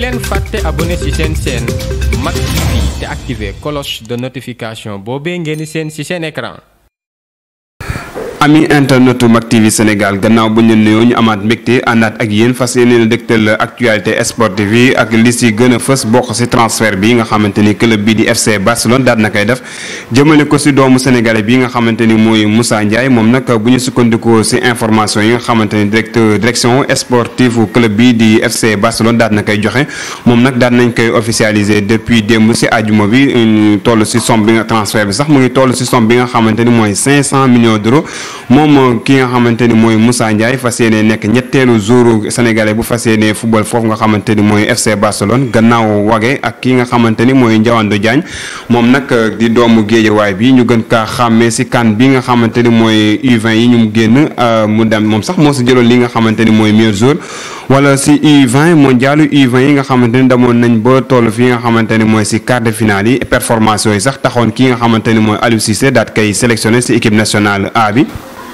leen fàtte abonné ci seen seen Mak te activer cloche de notification boobee ngeen seen ci seen écran ami internetu Mak TV Sénégal gannaaw bu ñu leen nuyoo ñu amaat mbégte àndaat ak yéen fas yéene dégtal actualité sportive yi ak li si gën a fës bokk si transfert bi nga xamante ni club bi di FC Barcelone daal na koy def jëmale ko si doomu sénégalais bi nga xamante ni mooy Moussa Ndiaye moom nag bu ñu si information yi nga xamante ni direct direction sportive club bi di FC Barcelone daal na koy joxe moom nag daal nañ koy officialiser depuis démb si ajuma bi toll si somme bi nga transfert bi sax mu ngi toll si somme bi nga xamante ni mooy 500 millions d'euros moom ki nga xamante ni mooy Moussa Ndiaye fa yéene nekk ñetteelu jour sénégalais bu fas yéene football foofu nga xamante ni mooy FC Barcelone gannaaw wage ak kii nga xamante ni mooy Ndiawandou Diagne moom nag di doomu waay bi ñu gën kaa xàmmee si kan bi nga xamante ni mooy u yi ñu mu génn euh, mu dem moom sax moo si jëloon li nga xamante ni mooy meilleur joueur wala si U20 mondial u yi nga xamante ni demoon nañ ba toll fi nga xamante ni mooy si quart de finale yi sax taxoon ki nga xamante ni mooy Aliou Cissé daat kay sélectionné bi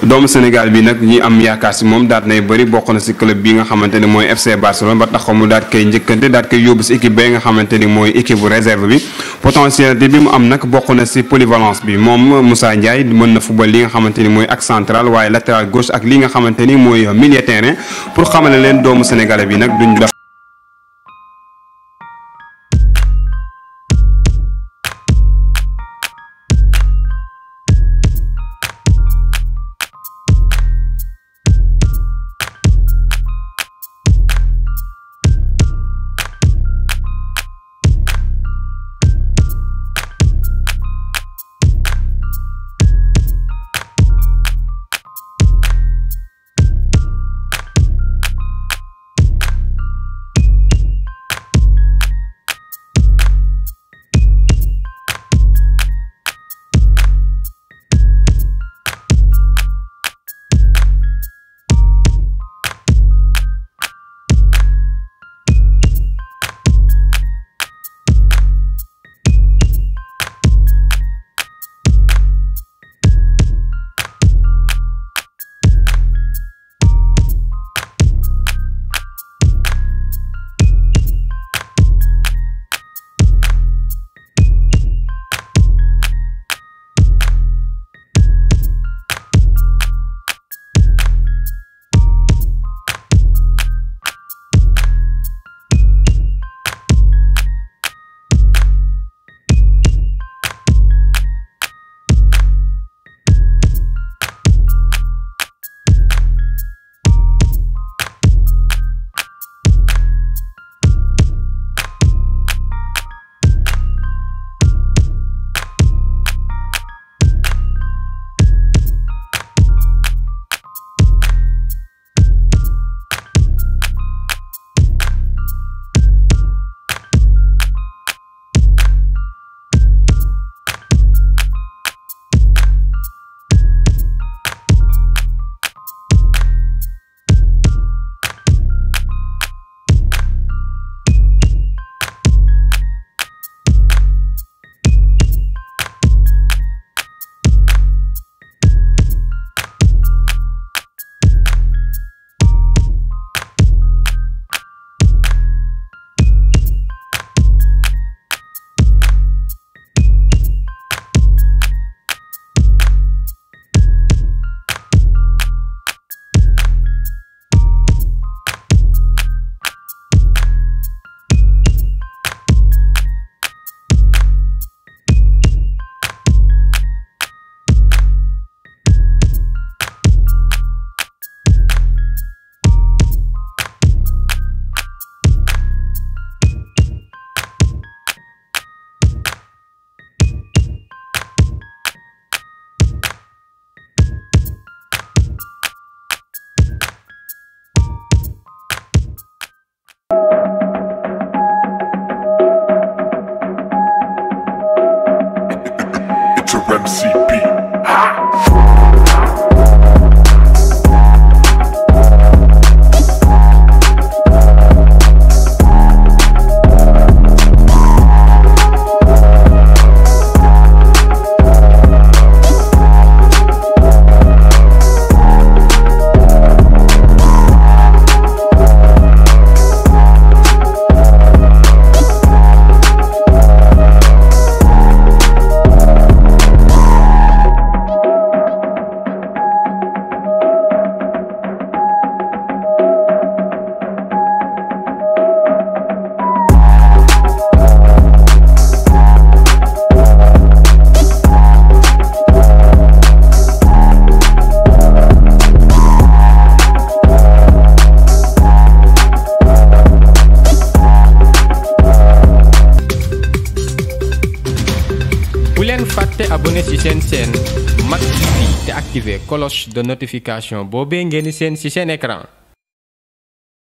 doomu Sénégal bi nag ñu am yaakaar si moom daat nay bëri bokk na si club bi nga xamante ni mooy FC Barcelone ba tax ko mu daat koy njëkkante daat koy yóbbu si équipe bi nga xamante ni mooy équipe réserve bi potentialité bi mu am nag bokk na si polyvalence bi moom Moussa Ndiaye mën na football li nga xamante ni mooy axe central waaye latéral gauche ak li nga xamante ni mooy milieu terrain pour xamale leen doomu Sénégal bi nag duñ def MCP. Ha! leen fàtte abonné ci seen seen Mak TV te activer cloche de notification boobee ngeen seen ci seen écran